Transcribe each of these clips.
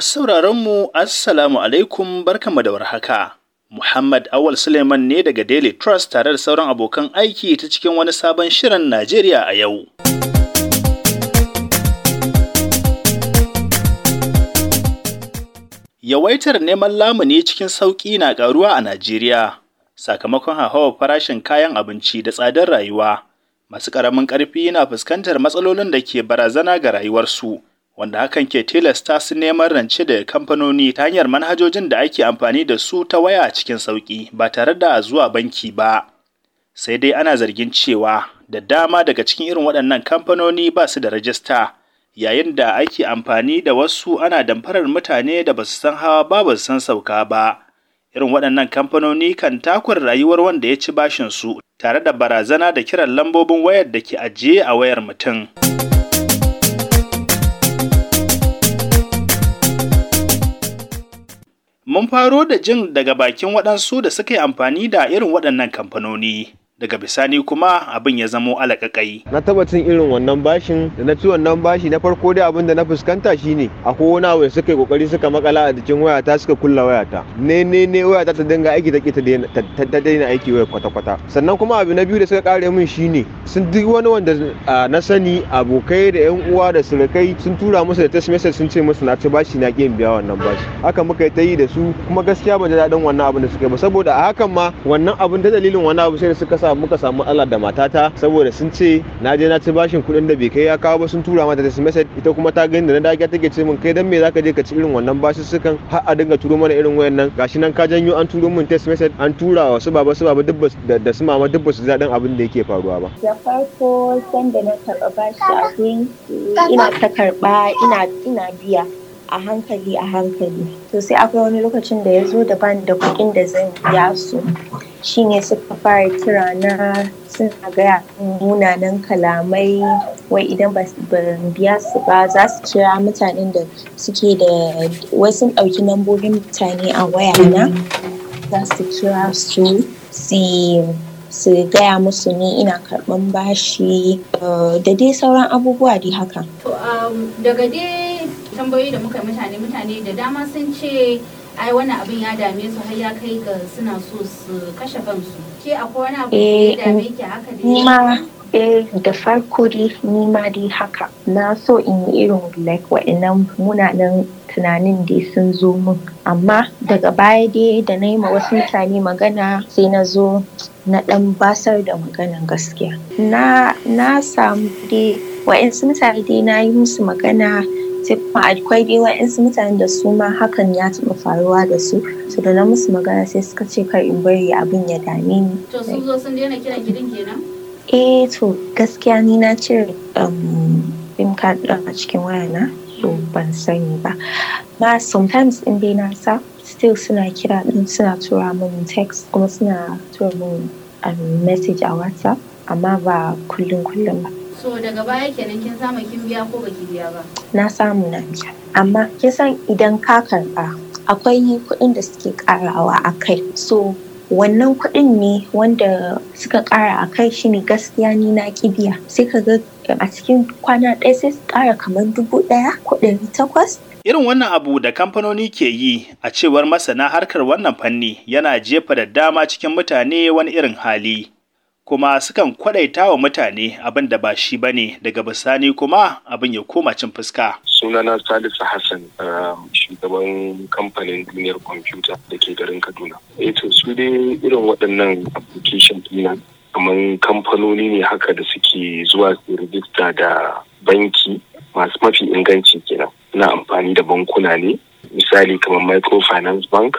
Masu sauraronmu, Assalamu alaikum barkanmu da warhaka. Muhammad Awal Suleiman ne daga Daily Trust tare da sauran abokan aiki ta cikin wani sabon shirin Najeriya a yau. Yawaitar neman lamuni cikin sauƙi na ƙaruwa a Najeriya, sakamakon hauhawar farashin kayan abinci da tsadar rayuwa. Masu ƙaramin ƙarfi na fuskantar matsalolin da ke barazana ga rayuwarsu. wanda hakan ke tilasta su neman rance da kamfanoni ta hanyar manhajojin da ake amfani da su ta waya cikin sauƙi ba tare da zuwa banki ba sai dai ana zargin cewa da dama daga cikin irin waɗannan kamfanoni ba su da rajista yayin da ake amfani da wasu ana damfarar mutane da ba su san hawa ba ba su san sauka ba irin waɗannan kamfanoni kan takura rayuwar wanda ya ci bashin su tare da barazana da kiran lambobin wayar da ke ajiye a wayar mutum. mun faro da jin daga bakin waɗansu da suka yi amfani da irin waɗannan kamfanoni daga bisani kuma abin ya zamo alakakai na tabbatin irin wannan bashin da na ci wannan bashi na farko dai abin da na fuskanta shine akwai wani abu da suka yi kokari suka makala a jikin wayata suka kulla wayata ne ne ne wayata ta dinga aiki take ta daina aiki waya kwata kwata sannan kuma abu na biyu da suka kare min shine sun duk wani wanda na sani abokai da yan uwa da surukai sun tura musu da text message sun ce musu na ci bashi na ƙi biya wannan bashi haka muka yi ta yi da su kuma gaskiya ban ji daɗin wannan abin da suka yi ba saboda a hakan ma wannan abin da dalilin wannan abu sai da suka sa sa muka samu Allah da matata saboda sun ce na je na ci bashin kuɗin da bai kai ya kawo ba sun tura mata da sms ita kuma ta gani da na dage take ce min kai dan me zaka je ka ci irin wannan basussukan har a dinga turo mana irin wayannan gashi nan ka janyo an turo min text message an tura wa su baba su baba dubba da su mama dubba su daɗin abin da yake faruwa ba da farko sanda na taɓa bashi a ina ta karɓa ina ina biya a hankali a hankali to sai akwai wani lokacin da ya zo da ban da kuɗin da zan biya su shine suka fara kira na suna gaya munanan kalamai wai idan ba biya su ba za su kira mutanen da suke da wasu ɗauki lambobin mutane a waya na za su kira su su gaya musu ni ina karɓan bashi eh, da dai sauran abubuwa dai haka um, daga dai tambayoyi da muka mutane mutane da dama sun ce ai wani abin ya dame su har ya kai ga suna so su kashe kansu ke akwai wani abu da ya eh, dame ki haka da eh da farko dai ni ma dai haka na so in yi irin like wa'annan munanan tunanin dai sun zo mun. amma daga baya dai da na yi ma wasu mutane magana sai na zo na dan basar da maganan gaskiya na samu dai wa'ansu mutane dai na yi musu magana sai kuma akwai dai wa'insu mutanen da su ma hakan ya taɓa faruwa da su su da na musu magana sai suka ce kar in bari abin ya dame ni to sun zo sun daina kiran gidan kenan eh to gaskiya ni na cire um, sim card ɗin a cikin wayana to ban sani ba ma sometimes in dai na sa still suna kira ɗin suna tura min text kuma suna tura min um, message a whatsapp amma ba kullum kullum ba so daga baya kenan kin samu kin biya ko baki ba na samu na biya amma kin idan ka karba akwai kuɗin da suke karawa a kai so wannan kuɗin ne wanda suka ƙara a kai shi ne gaskiya ni na kibiya sai ka ga a cikin kwana ɗaya sai su ƙara kamar dubu ɗaya ko ɗari takwas Irin wannan abu da kamfanoni ke yi a cewar masana harkar wannan fanni yana jefa da dama cikin mutane wani irin hali. kuma sukan kwadaita wa mutane abin da ba shi bane daga bisani kuma abin ya koma cin fuska. Sunana Salisu Hassan um, shugaban kamfanin duniyar kwamfuta da ke garin Kaduna. Eto eh su dai irin waɗannan application ɗin kamar kamfanoni ne haka da suke zuwa su rijista da banki masu mafi inganci kenan. Na amfani da bankuna ne misali kamar microfinance bank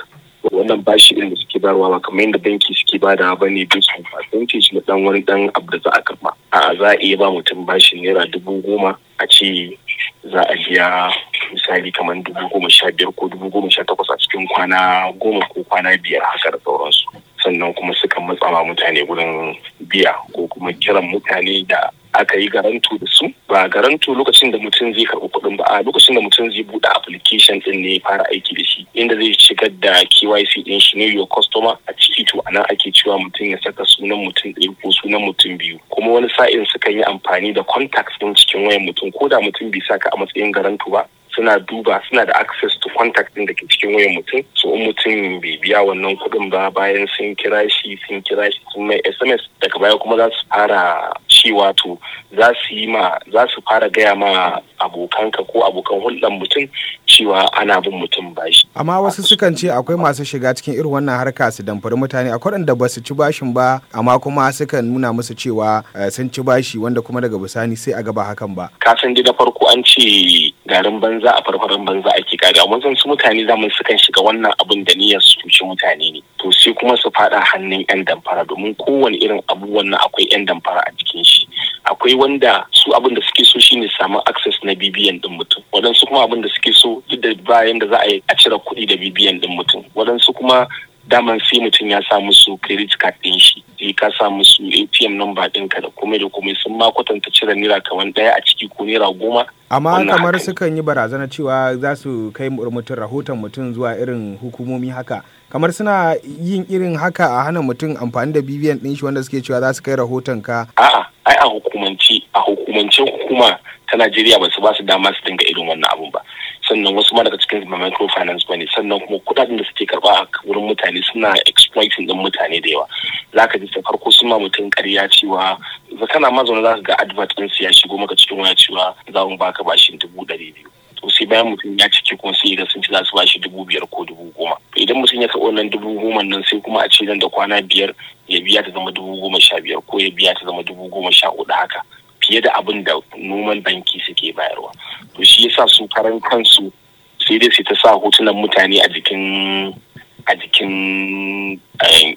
wannan bashi irin da suke bayarwa ba kamar yadda banki suke bada ba ne based on percentage na dan wani dan abu da za a karba a za a iya ba mutum bashin naira dubu goma a ce za a biya misali kamar dubu goma sha biyar ko dubu goma sha takwas a cikin kwana goma ko kwana biyar haka da sauransu sannan kuma sukan matsa mutane gurin biya ko kuma kiran mutane da aka yi garantu da su ba garantu lokacin da mutum zai karɓi kuɗin ba a lokacin da mutum zai buɗe application ɗin ne fara aiki da shi inda zai shigar da KYC ɗin shi ne your customer a ciki to anan ake cewa mutum ya saka sunan mutum ɗaya ko sunan mutum biyu kuma wani sa'in sukan yi amfani da contacts ɗin cikin wayan mutum ko da mutum bai saka a matsayin garantu ba suna duba suna da access to contact din da ke cikin wayan mutum so in mutum bai biya wannan kuɗin ba bayan sun kira shi sun kira shi sun mai sms daga baya kuma za su fara ce wato za su yi ma za su fara gaya ma abokanka ko abokan hulɗan mutum cewa ana bin mutum bashi. Amma wasu sukan ce akwai masu shiga cikin irin wannan harka su damfari mutane a da ba su ci bashin ba amma kuma sukan nuna musu cewa eh, sun ci bashi wanda kuma daga bisani sai a gaba hakan ba. Ka san da farko an ce garin banza a farfarin banza ake kaga wajen su mutane zamu sukan shiga wannan abun da niyyar su cuci mutane ne to sai kuma su fada hannun yan damfara domin kowane irin abu wannan akwai yan damfara a cikin shi. akwai wanda su abin da suke so shine samu access na bibiyan din mutum waɗansu kuma abin da suke so duk da bayan da za a yi a cire kuɗi da bibiyan din mutum wadansu kuma daman sai mutum ya samu su credit card ɗin shi eh ka sa musu ATM number ɗinka da kuma da kuma sun ma kwatanta cire naira kamar ɗaya a ciki ko naira goma. Amma kamar sukan yi barazana cewa za su kai mutum rahoton mutum zuwa irin hukumomi haka. kamar suna yin irin haka a hana mutum amfani da bvn ɗin shi wanda suke cewa za su kai rahoton ka. A'a, ai a hukumance, a hukumance hukuma ta Najeriya ba su ba su dama su dinga irin wannan abun ba. sannan wasu ma daga cikin microfinance ba ne sannan kuma kudaden da suke karba a wurin mutane suna exploiting din mutane da yawa za ka ji ta farko suna mutum karya cewa kana ma zaune za ka ga advert ɗin ya shigo maka cikin waya cewa za mu baka bashin dubu ɗari biyu to sai bayan mutum ya cike kuma sai ga sun ci za su bashi dubu biyar ko dubu goma idan mutum ya karɓi wannan dubu goma nan sai kuma a ce nan da kwana biyar ya biya ta zama dubu goma sha biyar ko ya biya ta zama dubu goma sha hudu haka fiye da abin da noman banki suke bayarwa to shi yasa su karan kansu sai dai su ta sa hotunan mutane a jikin a jikin eh,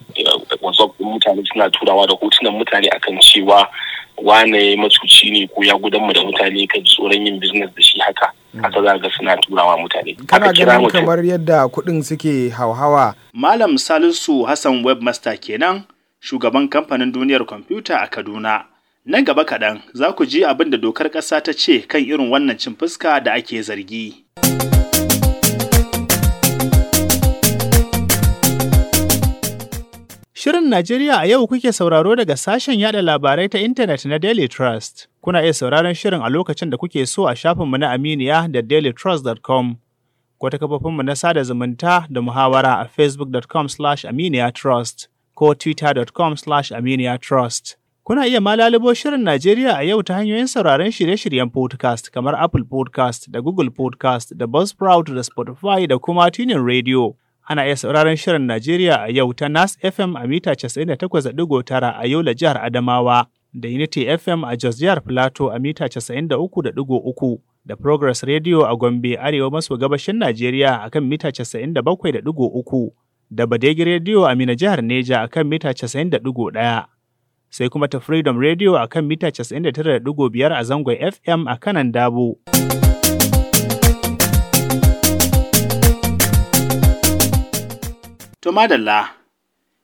mutane suna turawa da hotunan mutane akan cewa wane macuci ne ko ya gudanmu da mutane kan tsoron yin business da shi haka aka za ga suna turawa mutane kana mu kamar yadda kuɗin suke hauhawa malam salisu hassan webmaster kenan shugaban kamfanin duniyar kwamfuta a kaduna Nan gaba kaɗan za ku ji abin da dokar ƙasa ta ce kan irin wannan cin fuska da ake zargi. Shirin Najeriya a yau kuke sauraro daga sashen yada labarai ta intanet na Daily Trust. Kuna iya sauraron shirin a lokacin da kuke so a shafinmu na Aminiya da dailytrust.com ko ta kafofinmu na sada zumunta da muhawara a facebookcom aminiyatrust trust ko twitter.com/aminiya trust. Kuna iya malalibo Shirin Najeriya a yau ta hanyoyin sauraron shirye-shiryen podcast kamar Apple podcast da Google podcast da Buzzsprout da Spotify da kuma Tunin Radio. Ana iya sauraron Shirin Najeriya a yau ta Nas FM a mita 98.9 a yau da jihar Adamawa da Unity FM a Jos jihar Plateau a mita 93.3 da Progress Radio a Gombe arewa maso gabashin Najeriya a kan mita 97.3 da Badegi Radio a Mina jihar Neja a kan mita 91. sai kuma ta Freedom Radio a kan mita 99.5 a zangon FM a kanan Dabo. To madalla,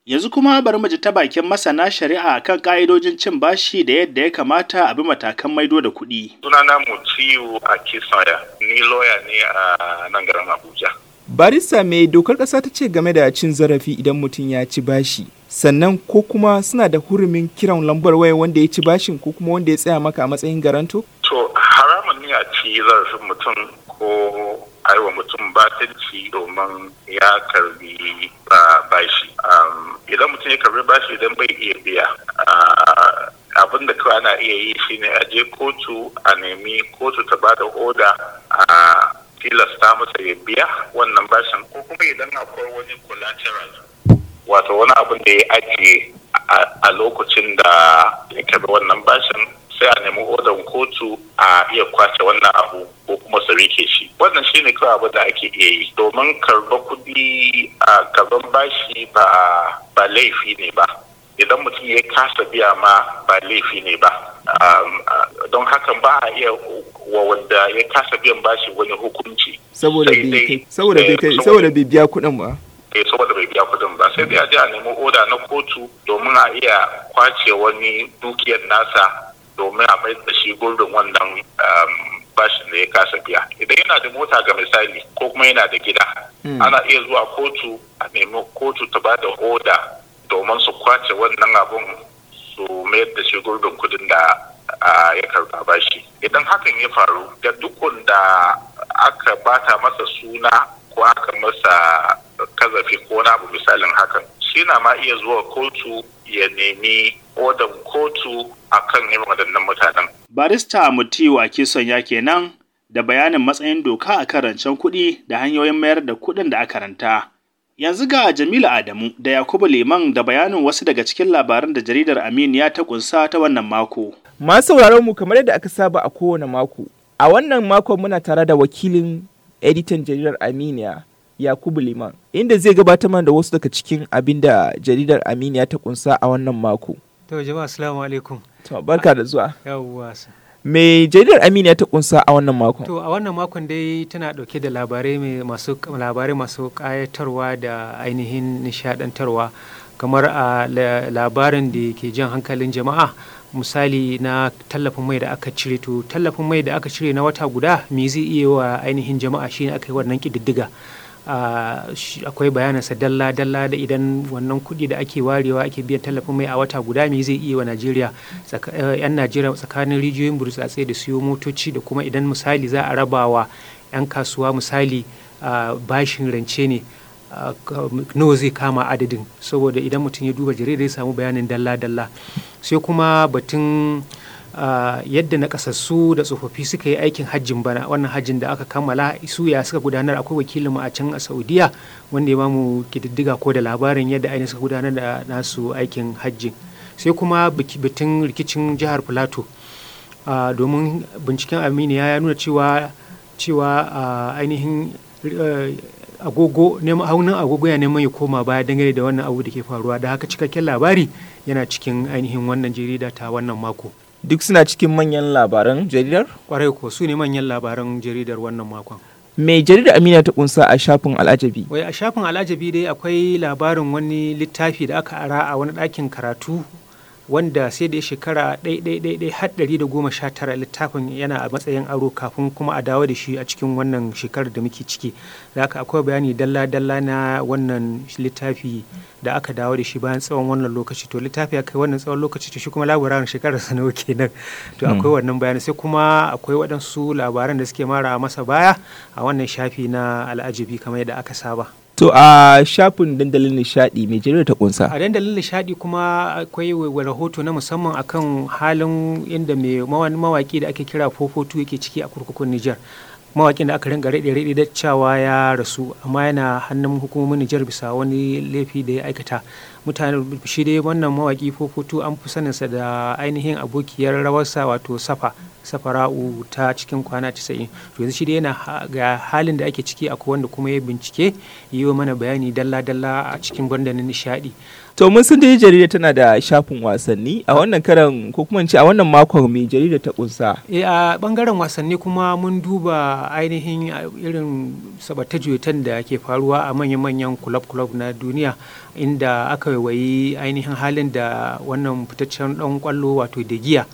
yanzu kuma bari mu ji ta bakin masana shari'a kan ƙa'idojin cin bashi da yadda ya kamata a bi matakan maido da kuɗi. Sunana Mutiyu a Kisaya, ni loya ne a nan garin Abuja. Barista mai dokar ƙasa ta ce game da cin zarafi idan mutum ya ci bashi. sannan ko kuma suna da hurumin kiran lambar waya wanda ya ci bashin ko kuma wanda ya tsaya maka a matsayin garanto? To haramun ne a ci zarafin mutum ko aiwa mutum batanci domin ya karbi bashi. Idan mutum ya karbi bashi idan bai iya biya. abin da kawai ana iya yi shine a je kotu a nemi kotu ta bada oda a tilasta masa ya biya wannan bashin ko kuma idan akwai wani collateral wato wani abin da ya ajiye a lokacin da ya karbi wannan bashin sai a nemi odan kotu a iya kwace wannan abu ko kuma su rike shi wannan shi ne kawai abu da ake iya yi domin karba kuɗi a karban bashi ba laifi ne ba idan mutum ya kasa biya ma ba laifi ne ba um, don hakan ba a iya wa wanda ya kasa biyan bashi wani hukunci saboda eh, bai biya kuɗin ba eh saboda bai biya kudin ba sai dai a je a nemi oda na kotu domin a iya kwace wani dukiyar nasa domin a mai da shi gurbin wannan um, bashin da ya kasa biya idan yana da mota ga misali ko kuma yana da gida hmm. ana iya zuwa kotu a nemi kotu ta ba da oda domin su kwace wannan abun su mayar da shi gurbin kudin da ya karba bashi idan hakan ya faru da dukkan da aka bata masa suna ko aka masa ƙorafi ko wani abu misalin hakan shi na ma iya zuwa kotu ya nemi odan kotu kan irin waɗannan mutanen. barista a kison ya kenan da bayanin matsayin doka a kan rancen kuɗi da hanyoyin mayar da kuɗin da aka ranta. Yanzu ga Jamilu Adamu da Yakubu Liman da bayanin wasu daga cikin labaran da jaridar Aminiya ta kunsa ta wannan mako. Masu sauraron mu kamar yadda aka saba a kowane mako. A wannan mako muna tare da wakilin editan jaridar Aminiya Yakubu Liman, inda zai gabatar mana da wasu daga cikin abin da jaridar Aminiya ta kunsa a wannan mako. To jama'a assalamu alaikum. To barka da zuwa. Yawwa. Me jaridar Aminiya ta kunsa a wannan makon? To a wannan makon dai tana dauke da labarai masu labarai masu kayatarwa da ainihin nishadantarwa kamar a labarin da ke jan hankalin jama'a misali na tallafin mai da aka cire to tallafin mai da aka cire na wata guda me zai iya wa ainihin jama'a shine aka yi wannan kididdiga. akwai bayaninsa dalla dalla da idan wannan kuɗi da ake warewa ake biyan tallafin mai a wata guda me zai iya wa najeriya yan eh, najeriya tsakanin rijiyoyin burtsatse da siyo motoci da kuma idan misali za a rabawa yan kasuwa misali bashin rance ne nawa zai kama adadin saboda idan mutum ya duba jarida ya samu bayanin dalla dalla sai kuma batun yadda na kasassu da tsofaffi suka yi aikin hajjin bana wannan hajjin da aka kammala su ya suka gudanar akwai wakilin a can a saudiya wanda ya ba mu kididdiga ko da labarin yadda ainihin suka gudanar da nasu aikin hajji sai kuma bitin rikicin jihar Filato domin binciken aminiya ya nuna cewa cewa ainihin agogo neman haunin agogo ya neman ya koma baya dangane da wannan abu da ke faruwa da haka cikakken labari yana cikin ainihin wannan jarida ta wannan mako duk suna cikin manyan labaran jaridar? Kwarai ko su ne manyan labaran jaridar wannan makon. Mai jaridar Amina ta kunsa a shafin al'ajabi? Wai a shafin al'ajabi dai akwai labarin wani littafi da aka ara a wani ɗakin karatu wanda sai da ya shekara ɗaiɗaiɗaiɗai har ɗari da goma sha tara littafin yana a matsayin aro kafin kuma a dawo da shi a cikin wannan shekarar da muke ciki da aka akwai bayani dalla-dalla na wannan littafi da aka dawo da shi bayan tsawon wannan lokaci to littafi ya kai wannan tsawon lokaci to shi kuma labaran shekarar sa nawa kenan to hmm. akwai wannan bayani sai kuma akwai waɗansu labaran da suke mara masa baya a wannan shafi na al'ajabi kamar yadda aka saba. To a shafin dandalin nishadi mai jarida ta kunsa. A dandalin nishadi kuma akwai rahoto na musamman akan halin inda mai mawaki da ake kira fofotu yake ciki a kurkukun Nijar. Mawakin da aka ringa raɗe raɗe da cewa ya rasu amma yana hannun hukumomin Nijar bisa wani laifi da ya aikata. mutane shi dai wannan mawaki fofoto an fi saninsa da ainihin abokiyar rawarsa wato safa safara'u ta cikin kwana 90 to yanzu shi dai yana ga halin da ake ciki a wanda kuma ya bincike yi wa mana bayani dalla-dalla a cikin gwandanin nishadi to mun san dai jarida tana da shafin wasanni a wannan karan ko kuma ce a wannan makon mai jarida ta kunsa eh a bangaren wasanni kuma mun duba ainihin irin sabata juyotan da ke faruwa a manyan-manyan club-club na duniya inda aka wayi ainihin halin da wannan fitaccen dan kwallo wato da giya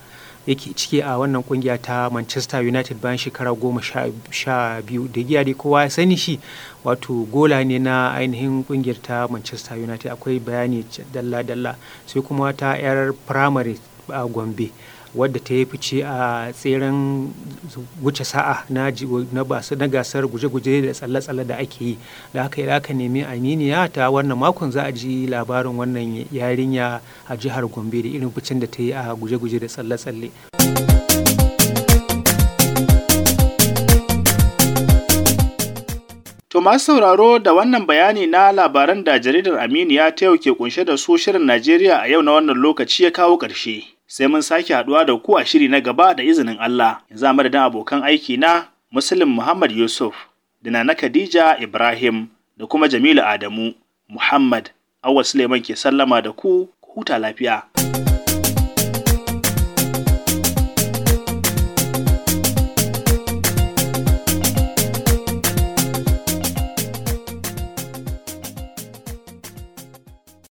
yake ciki a wannan kungiya ta manchester united bayan shekara goma sha biyu da giya dai kowa ya sani shi wato gola ne na ainihin kungiyar ta manchester united akwai bayani dalla-dalla sai kuma ta 'yar primary a gombe wadda ta yi fice a tseren wuce sa'a na gasar guje-guje da tsalle-tsalle da ake yi da aka yi aka nemi aminiya ta wannan makon za a ji labarin wannan yarinya a jihar gombe da irin ficin da ta yi a guje-guje da tsalle-tsalle To masu sauraro da wannan bayani na labaran da jaridar Aminiya ta yau ke kunshe da su shirin Najeriya a yau na wannan lokaci ya kawo ƙarshe. sai mun sake haɗuwa da ku a shiri na gaba da izinin Allah yanzu a madadin abokan aiki na Muslim Muhammad Yusuf da na Khadija Ibrahim da kuma Jamilu Adamu Muhammad Awa Suleiman ke sallama da ku huta lafiya.